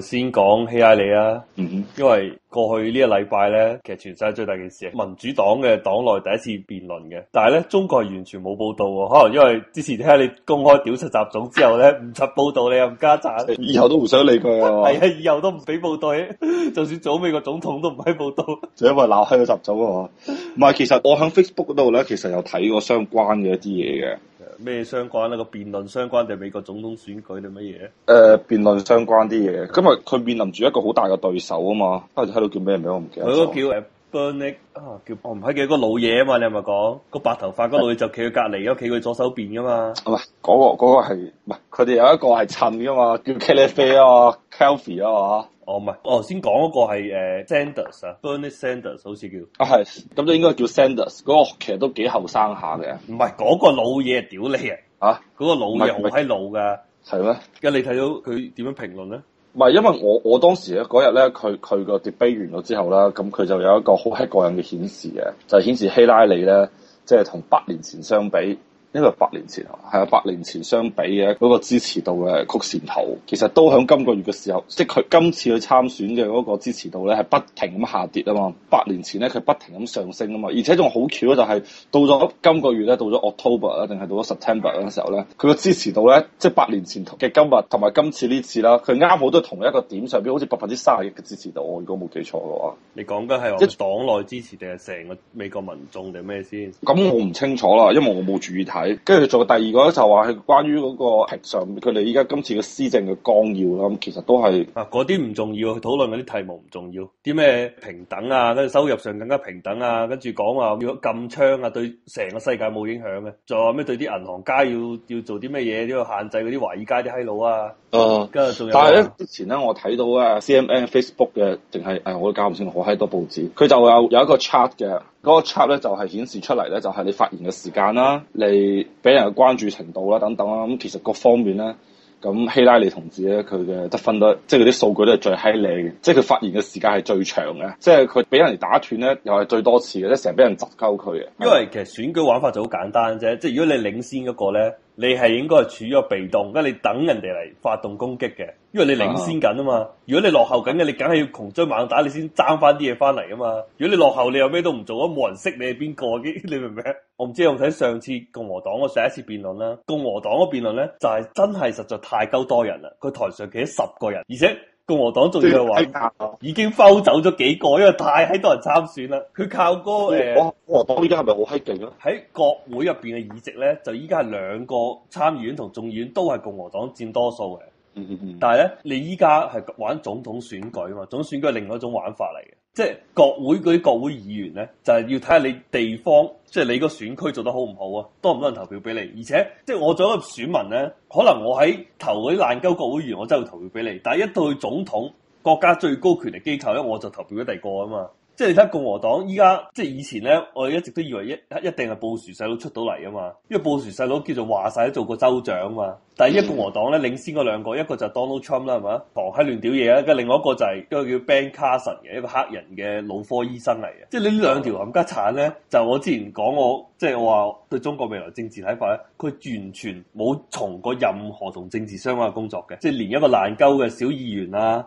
先講希拉里啦，嗯、哼因為過去呢個一禮拜咧，其實全世界最大件事民主黨嘅黨內第一次辯論嘅，但係咧中國係完全冇報道，可能因為之前聽你公開屌七習總之後咧唔出報道你，你又唔加讚，以後都唔想理佢啊，係 啊，以後都唔俾報道， 就算早美國總統都唔喺報道，就 因為鬧開個習總啊，唔係，其實我喺 Facebook 度咧，其實有睇過相關嘅一啲嘢嘅。咩相關咧？個辯論相關定美國總統選舉定乜嘢？誒、呃、辯論相關啲嘢，今日佢面臨住一個好大嘅對手啊嘛，當時喺度叫咩名我唔記得佢嗰個叫誒 Bernie、啊、叫我唔係叫一個老嘢啊嘛，你係咪講個白頭髮嗰老嘢就企佢隔離，企佢、嗯、左手邊噶嘛？唔係嗰個，嗰個係唔係佢哋有一個係襯噶嘛？叫 Kelly 飛啊 k e l v y 啊嘛。 啊哦，唔係，我先講嗰個係誒 Sanders 啊，Bernie Sanders 好似叫，啊係，咁就應該叫 Sanders。嗰個其實都幾後生下嘅，唔係嗰個老嘢屌你啊，吓、啊，嗰個老嘢好閪老噶，係咩？咁你睇到佢點樣評論咧？唔係，因為我我當時咧嗰日咧，佢佢個 debate 完咗之後啦，咁佢就有一個好閪個人嘅顯示嘅，就係顯示希拉里咧，即係同八年前相比。因為八年前，係啊，八年前相比嘅嗰個支持度嘅曲線圖，其實都響今個月嘅時候，即係佢今次去參選嘅嗰個支持度咧，係不停咁下跌啊嘛。八年前咧，佢不停咁上升啊嘛，而且仲好巧就係、是、到咗今個月咧，到咗 October 啊，定係到咗 September 嘅時候咧，佢個支持度咧，即係八年前嘅今日同埋今次呢次啦，佢啱好都係同一個點上邊，好似百分之卅一嘅支持度，我如果冇記錯嘅話。你講緊係一黨內支持定係成個美國民眾定咩先？咁我唔清楚啦，因為我冇注意。跟住做第二個咧，就話係關於嗰個上，佢哋依家今次嘅施政嘅綱要啦。咁其實都係嗱、啊，嗰啲唔重要，討論嗰啲題目唔重要。啲咩平等啊，跟住收入上更加平等啊，跟住講話如果禁槍啊，對成個世界冇影響嘅。仲有咩對啲銀行家要要做啲咩嘢都要限制嗰啲華爾街啲閪佬啊。哦、嗯，跟住仲有。但係咧之前咧，我睇到啊，CNN Facebook 嘅定係誒，我都搞唔清好閪多報紙。佢就有有一個 chart 嘅，嗰、哎、個 chart 咧、那個、ch 就係、是、顯示出嚟咧，就係、是、你發言嘅時間啦，你。俾人嘅關注程度啦，等等啦，咁其實各方面咧，咁希拉里同志咧，佢嘅得分都，即係佢啲數據都係最犀利嘅，即係佢發言嘅時間係最長嘅，即係佢俾人哋打斷咧，又係最多次嘅，咧成日俾人擳鳩佢嘅。因為其實選舉玩法就好簡單啫，即係如果你領先嗰個咧。你係應該係處於個被動，咁你等人哋嚟發動攻擊嘅，因為你領先緊啊嘛。如果你落後緊嘅，你梗係要窮追猛打，你先爭翻啲嘢翻嚟啊嘛。如果你落後，你又咩都唔做，咁冇人識你係邊個嘅，你明唔明？我唔知有睇上次共和黨嘅上一次辯論啦，共和黨嗰辯論咧就係真係實在太鳩多人啦，佢台上企咗十個人，而且。共和黨仲要話已經拋走咗幾個，因為太閪多人參選啦。佢靠個誒、呃、共和黨依家係咪好閪勁啊？喺國會入邊嘅議席咧，就依家係兩個參議院同眾議院都係共和黨佔多數嘅。嗯嗯嗯。但係咧，你依家係玩總統選舉啊嘛，總統選舉係另外一種玩法嚟嘅。即係、就是、國會嗰啲國會議員咧，就係、是、要睇下你地方，即、就、係、是、你個選區做得好唔好啊，多唔多人投票俾你。而且，即、就、係、是、我做一個選民咧，可能我喺投嗰啲爛鳩國會議員，我真係會投票俾你。但係一到總統，國家最高權力機構咧，我就投票咗第二個啊嘛。即係你睇共和黨依家，即係以前咧，我一直都以為一一定係布殊細佬出到嚟啊嘛，因為布殊細佬叫做話晒都做過州長啊嘛。但係一共和黨咧，領先嗰兩個，一個就 Donald Trump 啦，係嘛，狂喺亂屌嘢啊，跟住另外一個就係一個叫 Ben Carson 嘅一個黑人嘅腦科醫生嚟嘅。即係呢兩條冚家鏟咧，就我之前講我即係、就是、我話對中國未來政治睇法咧，佢完全冇從過任何同政治相關嘅工作嘅，即係連一個爛鳩嘅小議員啊。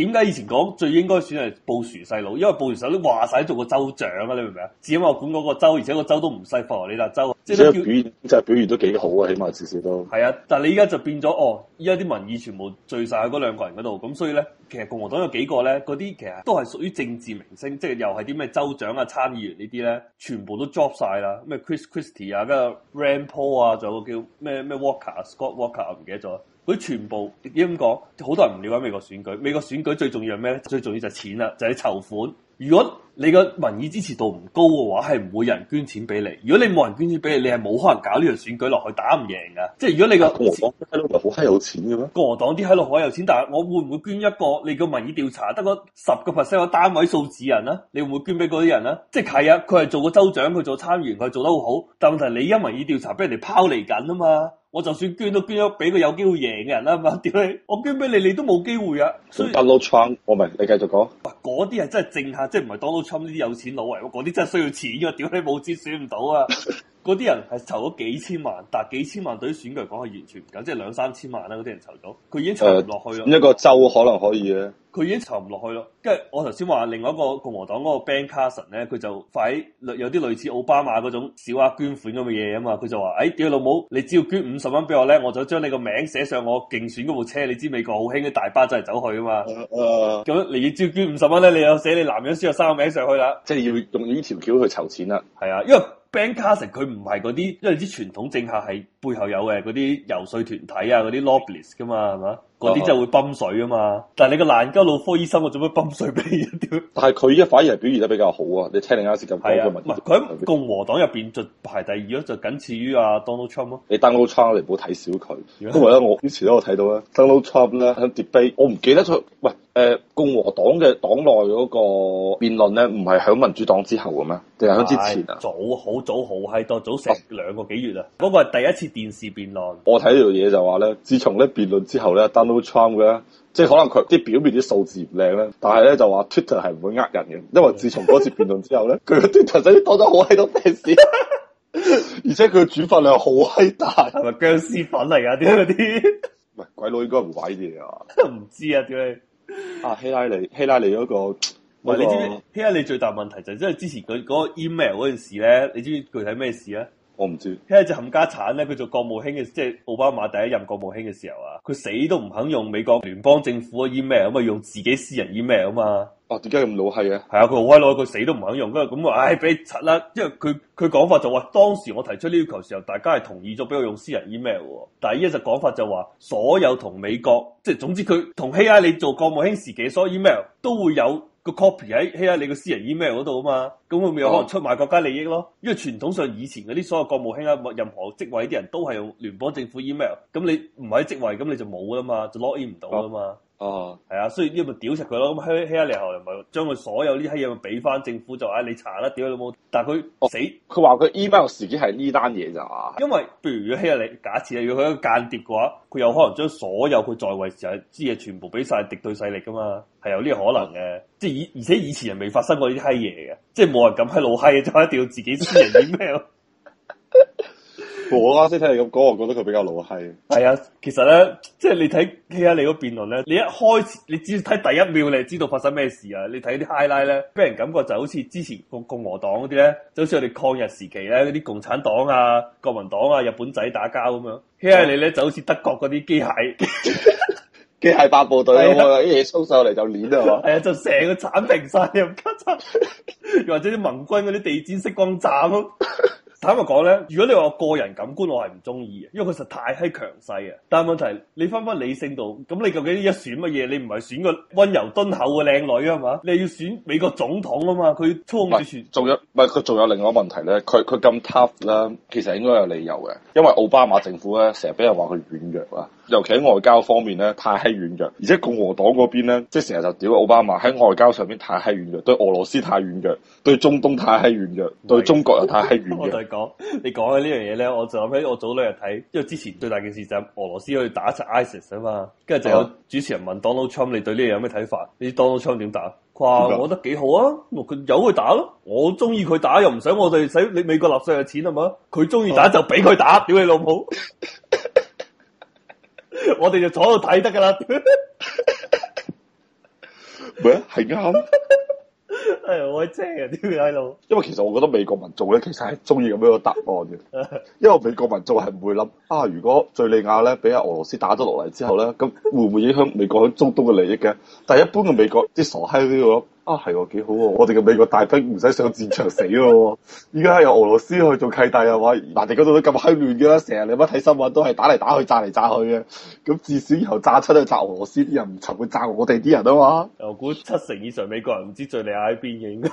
點解以前講最應該選係布殊細佬？因為布殊細佬都話晒做過州長啊，你明唔明啊？只因我管嗰個州，而且個州都唔細，佛羅里達州。即係表現真係表現都幾好啊，起碼至少都係啊！但係你依家就變咗哦，依家啲民意全部聚晒喺嗰兩個人嗰度，咁所以咧，其實共和黨有幾個咧，嗰啲其實都係屬於政治明星，即係又係啲咩州長啊、參議員呢啲咧，全部都 drop 晒啦，咩 Chris Christie 啊，跟住 Rand Paul 啊，仲有個叫咩咩 Walker Scott Walker 我唔記得咗。佢全部點講，好多人唔了解美國選舉。美國選舉最重要係咩咧？最重要就係錢啦，就係籌款。如果你個民意支持度唔高嘅話，係唔會有人捐錢俾你。如果你冇人捐錢俾你，你係冇可能搞呢樣選舉落去，打唔贏噶。即係如果你個、啊，我細佬話好閪有錢嘅咩？共和黨啲喺度好有錢，但係我會唔會捐一個？你個民意調查得個十個 percent 嘅單位數字人啦，你會唔會捐俾嗰啲人啦？即係係啊，佢係做個州長，佢做參議員，佢做得好好。但問題你因民意調查俾人哋拋離緊啊嘛，我就算捐都捐咗俾個有機會贏嘅人啦嘛。屌你，我捐俾你，你都冇機會啊。所以，Donald Trump，我唔明，你繼續講。嗱，嗰啲係真係剩下，即係唔係 Donald 侵呢啲有錢佬嚟喎，嗰啲真係需要錢㗎，屌你冇錢選唔到啊！ 嗰啲人係籌咗幾千萬，但係幾千萬對於選舉嚟講係完全唔夠，即係兩三千萬啦、啊。嗰啲人籌到，佢已經籌唔落去咯。呃、一個州可能可以嘅，佢已經籌唔落去咯。跟住我頭先話另外一個共和黨嗰個 Ben Carson 咧，佢就快有啲類似奧巴馬嗰種小額捐款咁嘅嘢啊嘛，佢就話，誒、欸，屌老母，你只要捐五十蚊俾我咧，我就將你個名寫上我競選嗰部車。你知美國好興嘅大巴走嚟走去啊嘛。咁、呃、你要只要捐五十蚊咧，你又寫你男人先有三個名上去啦。即係要用呢條橋去籌錢啦。係啊，因為。Ben Carson 佢唔係嗰啲，因為啲傳統政客係背後有誒嗰啲遊說團體啊，嗰啲 lobbyist 噶嘛，係嘛？嗰啲真係會泵水啊嘛！但係你個難家腦科醫生，我做咩泵水俾你？屌！ 但係佢一反而係表現得比較好啊！你聽你啱先咁講嘅問題，唔係佢喺共和黨入邊就排第二咯，就僅次於阿 Donald Trump 咯。你 Donald Trump 你唔好睇小佢，因為咧我之前都我睇到咧 Donald Trump 咧喺 debate，我唔記得咗喂誒、呃、共和黨嘅黨內嗰個辯論咧，唔係喺民主黨之後嘅咩？定係喺之前啊、哎？早好早好喺度早成兩個幾月啊！嗰個係第一次電視辯論。我睇呢條嘢就話咧，自從咧辯論之後咧都錯嘅，即係可能佢啲表面啲數字唔靚咧，但係咧就話 Twitter 係唔會呃人嘅，因為自從嗰次辯論之後咧，佢個 Twitter 仔都多咗好閪多 pet 屎， 而且佢嘅轉發量好閪大，係咪僵屍粉嚟噶？點解嗰啲？唔係鬼佬應該唔玩嘢啲啊？唔知啊，啲啊希拉里，希拉里嗰、那個喂， 那個、你知唔知？希拉里最大問題就係因為之前佢嗰個 email 嗰件事咧，你知唔知具體咩事啊？我唔知，佢係隻冚家鏟咧。佢做國務卿嘅，即係奧巴馬第一任國務卿嘅時候啊，佢死都唔肯用美國聯邦政府嘅 email，咁啊用自己私人 email 啊嘛。哦，點解咁老閪啊？係啊，佢好閪攞，佢死都唔肯用。跟住咁話，唉、哎，俾你柒啦。因為佢佢講法就話，當時我提出呢要求時候，大家係同意咗俾我用私人 email。但係呢家就講法就話，所有同美國，即係總之佢同希拉里做國務卿時期所有 email 都會有。個 copy 喺喺啊，你個私人 email 度啊嘛，咁會唔會有可能出賣國家利益咯？因為傳統上以前嗰啲所有國務卿啊任何職位啲人都係用聯邦政府 email，咁你唔喺職位，咁你就冇啊嘛，就 log in 唔到啊嘛。哦，係 啊，所以呢個咪屌食佢咯，咁希希拉里又咪係將佢所有呢啲嘢咪俾翻政府就，話你查啦，屌你老母！但係佢死，佢話佢 email 自己係呢單嘢就啊，因為譬如如果希拉里假設啊，如果佢一個間諜嘅話，佢有可能將所有佢在位時知嘢全部俾晒敵對勢力噶嘛，係有呢個可能嘅，即係而而且以前又未發生過呢啲閪嘢嘅，即係冇人敢喺度閪，就一定要自己私人 email。 我啱先睇你咁講，我覺得佢比較老閪。係啊，其實咧，即係你睇希拉里嗰辯論咧，你一開始你只要睇第一秒你就知道發生咩事啊！你睇啲 highlight 咧，俾人感覺就好似之前共共和黨嗰啲咧，就好似我哋抗日時期咧嗰啲共產黨啊、國民黨啊、日本仔打交咁樣。希拉里咧就好似德國嗰啲機械 機械八部隊一嘢操上嚟就攣啊嘛。係啊，嗯、啊就成個鏟平晒，山咁樣，又或者啲盟軍嗰啲地氈式光站咯。 坦白講咧，如果你話個人感官，我係唔中意嘅，因為佢實太係強勢啊！但係問題，你返返理性度，咁你究竟一選乜嘢？你唔係選個温柔敦厚嘅靚女啊嘛？你要選美國總統啊嘛？佢粗野，仲有唔係佢仲有另外一個問題咧？佢佢咁 tough 啦，其實應該有理由嘅，因為奧巴馬政府咧，成日俾人話佢軟弱啊。尤其喺外交方面咧，太閪軟弱，而且共和黨嗰邊咧，即係成日就屌奧巴馬喺外交上邊太閪軟弱，對俄羅斯太軟弱，對中東太閪軟弱，對中國又太閪軟弱。 我哋講你講嘅呢樣嘢咧，我就諗起我早兩日睇，因為之前最大件事就係俄羅斯去打一隻 ISIS 啊嘛，跟住就有主持人問 Donald Trump 你對呢樣嘢有咩睇法？你知 Donald Trump 點打？佢話，我覺得幾好啊！佢有佢打咯，啊，我中意佢打又唔使我哋使你美國納稅嘅錢啊嘛，佢中意打就俾佢打，屌你老母！我哋就坐度睇得噶啦，咩係啱？誒，我知啊，點解度！因為其實我覺得美國民眾咧，其實係中意咁樣個答案嘅。因為美國民眾係唔會諗啊，如果敘利亞咧俾阿俄羅斯打咗落嚟之後咧，咁會唔會影響美國喺中東嘅利益嘅？但係一般嘅美國啲傻閪呢個。啊，係喎，幾好喎，啊！我哋嘅美國大兵唔使上戰場死咯，啊，而家 由俄羅斯去做契弟啊嘛！嗱，你嗰度都咁閪亂嘅，成日你乜睇新聞都係打嚟打去、炸嚟炸去嘅，咁至少以後炸出去，炸俄羅斯，啲人唔愁會炸我哋啲人啊嘛！我估七成以上美國人唔知敘利亞喺邊影。應該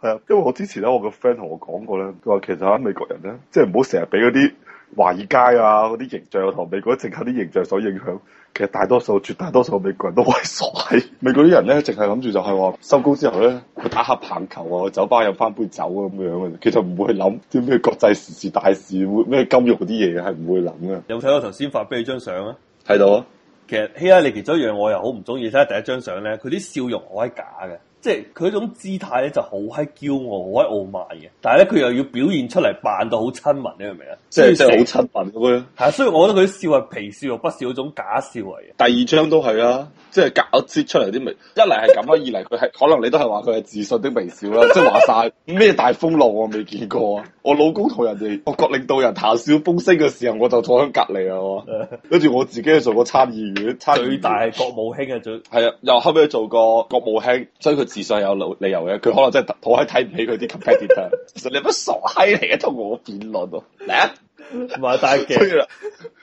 係啊，因為我之前咧，我個 friend 同我講過咧，佢話其實啊，美國人咧，即係唔好成日俾嗰啲華爾街啊嗰啲形象同美國政客啲形象所影響。其實大多數、絕大多數美國人都畏傻。喺，美國啲人咧淨係諗住就係話收工之後咧，去打下棒球啊，去酒吧飲翻杯酒啊咁樣嘅，其實唔會諗啲咩國際時事大事，會咩金融啲嘢係唔會諗嘅。有冇睇我頭先發俾你張相啊？睇到啊，其實希拉里其中一樣我又好唔中意，睇下第一張相咧，佢啲笑容好鬼假嘅。即係佢嗰種姿態咧，就好係驕傲，好係傲慢嘅。但係咧，佢又要表現出嚟，扮到好親民，你明唔明啊？即係是色即係好親民咁樣。係啊， 所以我覺得佢笑係皮笑肉不笑嗰種假笑嚟嘅。第二張都係啊，即係搞出嚟啲眉，一嚟係咁啦， 二嚟佢係可能你都係話佢係自信的微笑啦， 即係話晒，咩大風浪我未見過啊！我老公同人哋，各國領導人談笑風聲嘅時候，我就坐喺隔離啊！跟住我自己去做個參議員，議院最大國務卿嘅最係啊！又後尾做過國務卿，所以佢自信有理理由嘅。佢可能真係好閪睇唔起佢啲級雞跌。其實你乜傻閪嚟嘅，同我辯論到嚟啊！同埋大嘅，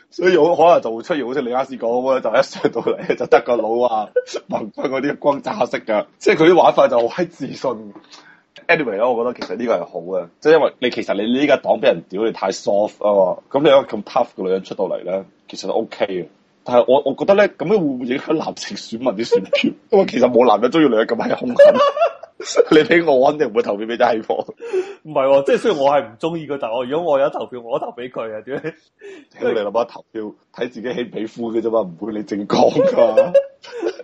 所以我可能就會出現好似你啱先講咁樣，就一上到嚟就得個老啊、孟津嗰啲轟炸式嘅，即係佢啲玩法就好閪自信。anyway 咯，我覺得其實呢個係好嘅，即係 因為你其實你呢個黨俾人屌，你太 soft 啊嘛，咁你一個咁 tough 嘅女人出到嚟咧，其實 ok 嘅。但係我我覺得咧，咁樣會唔會影響男性選民啲選票？因為 其實冇男人中意女人咁係兇狠， 你俾我,我肯定唔會投票俾張啟芳。唔係，即係雖然我係唔中意佢，但我如果我有投票，我投俾佢 啊？點 咧？你諗下投票睇自己起唔皮膚嘅啫嘛，唔會你正剛噶，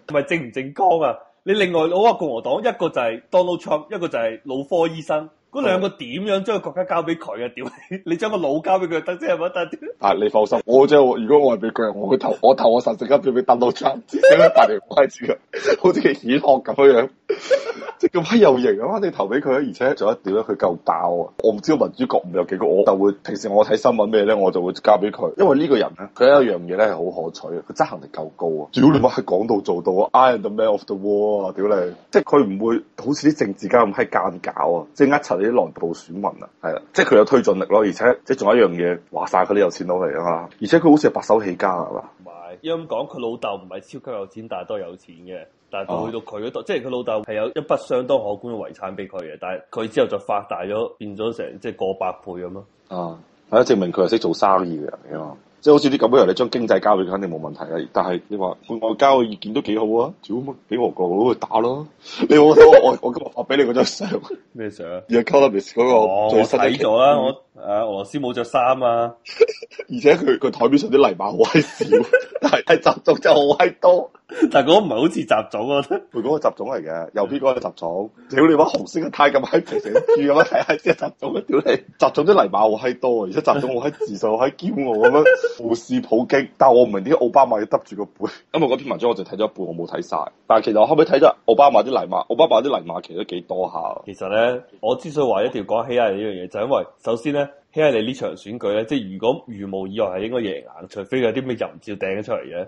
係咪正唔正剛啊？你另外攞個共和黨，一個就係 Donald Trump，一個就係腦科醫生，嗰兩是個點樣將個國家交俾佢啊？屌 你！你將個腦交俾佢得啫，係咪得？係，你放心，我即係如果我係美國人，我投我投我實時咁俾佢 Donald Trump，點解戴條好似件殼咁樣。 即係咁閪有型啊嘛！你投俾佢啊，而且仲一屌得佢夠教啊！我唔知道民主國唔有幾個，我就會平時我睇新聞咩咧，我就會交俾佢。因為呢個人咧，佢有一樣嘢咧係好可取啊，佢執行力夠高啊！屌你媽，喺講到做到啊！I am the man of the world 啊！ 屌你，即係佢唔會好似啲政治家咁閪奸狡啊！即係呃賊你啲內部選民啊，係啊，即係佢有推進力咯，而且即係仲有一樣嘢，話晒佢都有錢佬嚟啊嘛，而且佢好似係白手起家係嘛，唔係， 要咁講佢老豆唔係超級有錢，但係都有錢嘅。但係去到佢嗰度，啊、即係佢老豆係有一筆相當可觀嘅遺產俾佢嘅，但係佢之後就發大咗，變咗成即係過百倍咁咯。啊，係啊，證明佢係識做生意嘅啊嘛。即係好似啲咁嘅人，你將經濟交俾佢肯定冇問題啦。但係你話換外交嘅意見都幾好啊！屌，俾俄國佬去打咯！你有冇睇我我我俾你嗰張相？咩相？The Economist 嗰個最新嘅、哦、我睇咗啊。我誒俄羅斯冇着衫啊！ 而且佢佢台面上啲泥馬好閪少，但係習總就好閪多。 但係嗰個唔係好似習總啊！佢嗰個習總嚟嘅，右邊嗰個習總。屌你話紅色嘅太咁閪肥成豬咁樣，睇下啲習總啊！屌你，習總啲泥馬好閪多，而且習總好閪自信、好閪驕傲咁樣。無士普京，但係我唔明解奧巴馬要得住個背，因為嗰篇文章我就睇咗一半，我冇睇晒。但係其實我後屘睇咗，奧巴馬啲泥馬，奧巴馬啲泥馬其實都幾多下。其實咧，我之所以話一定要講希拉里呢樣嘢，就因為首先咧，希拉里呢場選舉咧，即係如果如無意外係應該贏嘅，除非有啲咩淫照掟咗出嚟嘅。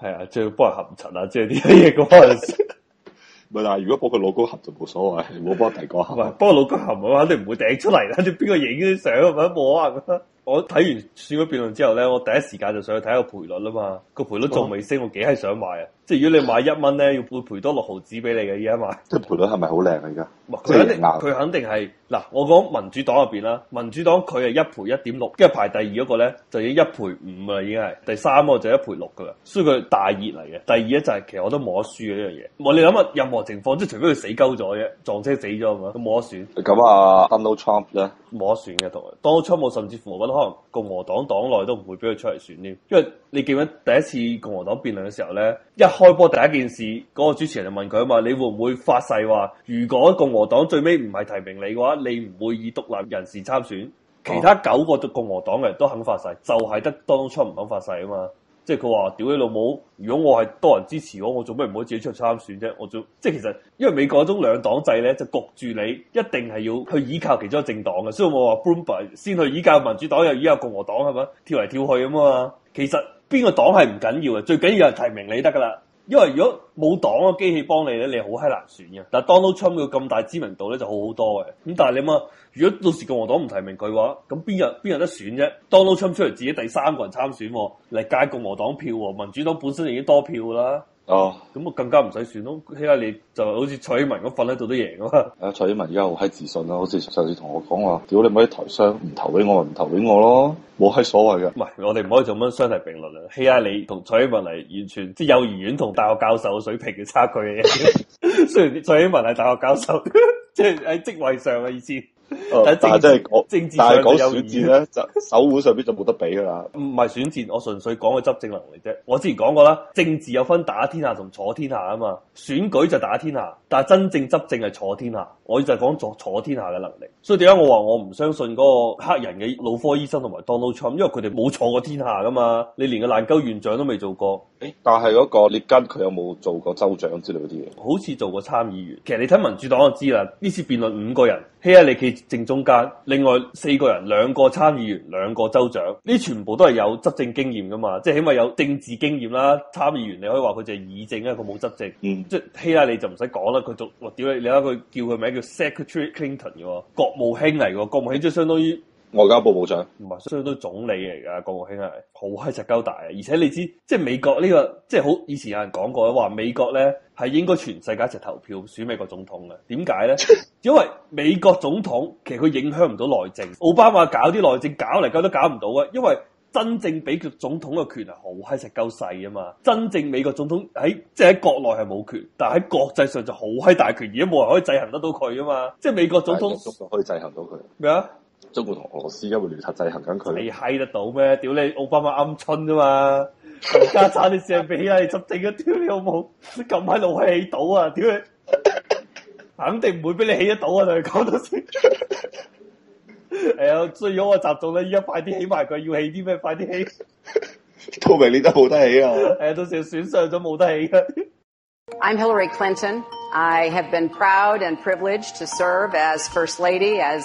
係 啊，即係幫人合唔陳啊，即係啲嘢嗰陣時。唔係， 但如果幫個老公合就冇所謂，冇幫大哥合。幫個 老公合，我肯定唔會掟出嚟啦。邊個影啲相咁樣摸啊？我睇完選舉辯論之後咧，我第一時間就上去睇個賠率啦嘛。個賠率仲未升，我幾係想買啊！即係如果你買一蚊咧，要會賠多六毫紙俾你嘅而家買。個賠率係咪好靚啊而家？佢肯定，佢肯定係嗱。我講民主黨入邊啦，民主黨佢係一賠一點六，跟住排第二嗰個咧就要一賠五啊，已經係第三個就一賠六噶啦。所以佢大熱嚟嘅，第二咧就係、是、其實我都冇得輸嘅一樣嘢。我你諗下，任何情況即係除非佢死鳩咗啫，撞車死咗咁咪都冇得選。咁啊，Donald Trump 咧冇得選嘅同當初我甚至乎我覺得。可能共和黨黨內都唔會俾佢出嚟選添，因為你記得第一次共和黨辯論嘅時候咧，一開波第一件事，嗰個主持人就問佢啊嘛，你會唔會發誓話，如果共和黨最尾唔係提名你嘅話，你唔會以獨立人士參選？其他九個共和黨嘅人都肯發誓，就係得當初唔肯發誓啊嘛。即係佢話：屌你老母！如果我係多人支持我，我做咩唔可以自己出去參選啫？我做即係其實，因為美國嗰種兩黨制咧，就焗住你一定係要去依靠其中一個政黨嘅。所以我話 Bloomberg 先去依靠民主黨，又依靠共和黨，係咪跳嚟跳去噉啊嘛？其實邊個黨係唔緊要嘅，最緊要係提名你得㗎啦。因為如果冇黨嘅機器幫你，你好閪難選嘅。但 Donald Trump 嘅咁大知名度就好好多嘅。但係你諗下，如果到時共和黨唔提名佢話，咁邊有邊有得選啫？Donald Trump 出嚟自己第三個人參選嚟界共和黨票，民主黨本身已經多票啦。哦，咁我、oh. 更加唔使算咯。希拉里就好似蔡英文咁瞓喺度都贏噶嘛。啊，蔡英文而家好閪自信咯，好似上次同我講話，如果你唔可以台商唔投俾我，唔投俾我咯，冇閪所謂嘅。唔係，我哋唔可以做樣相提並論啊。希拉里同蔡英文嚟，完全即幼兒園同大學教授嘅水平嘅差距嘅 雖然蔡英文係大學教授， 即係喺職位上嘅意思。但係真係我，但係是講選戰咧， 就手腕上邊就冇得比噶啦。唔係選戰，我純粹講佢執政能力啫。我之前講過啦，政治有分打天下同坐天下啊嘛。選舉就打天下，但係真正執政係坐天下。我就係講坐坐天下嘅能力。所以點解我話我唔相信嗰個黑人嘅腦科醫生同埋 Donald Trump 因為佢哋冇坐過天下噶嘛。你連個爛鳩院長都未做過。誒，但係嗰個列根佢有冇做過州長之類嗰啲嘢？好似做過參議員。其實你睇民主黨就知啦。呢次辯論五個人，希拉里佢。正中間，另外四個人兩個參議員，兩個州長，呢全部都係有執政經驗㗎嘛，即係起碼有政治經驗啦。參議員你可以話佢就係議政啊，佢冇執政。嗯、即係希拉里就唔使講啦，佢做，哇屌你，你睇佢叫佢名叫 Secretary Clinton 嘅，國務卿嚟嘅，國務卿即係相當於，外交部部長，唔係，所以都總理嚟噶。國務卿係好閪實鳩大啊！而且你知，即係美國呢個，即係好以前有人講過啦，話美國呢係應該全世界一齊投票選美國總統嘅。點解呢？因為美國總統其實佢影響唔到內政，奧巴馬搞啲內政搞嚟搞都搞唔到啊！因為真正俾佢總統嘅權係好閪實鳩細啊嘛。真正美國總統喺即係喺國內係冇權，但係喺國際上就好閪大權，而家冇人可以制衡得到佢啊嘛。即係美國總統可以制衡到佢咩啊？中國同俄羅斯因為亂塔制衡緊佢，你閪得到咩？屌你奧巴馬鵪鶉啫嘛！家產你借俾啦，你執定啊屌你好唔好？咁喺度起到啊！屌，你！肯定唔會俾你起得到啊！同你講到先，係 啊、 哎，最好我執中啦！依家快啲起埋佢，要起啲咩？快啲起！透明你都冇得起啊！誒、 哎，到時選上咗冇得起啊 I'm Hillary Clinton. I have been proud and privileged to serve as First Lady as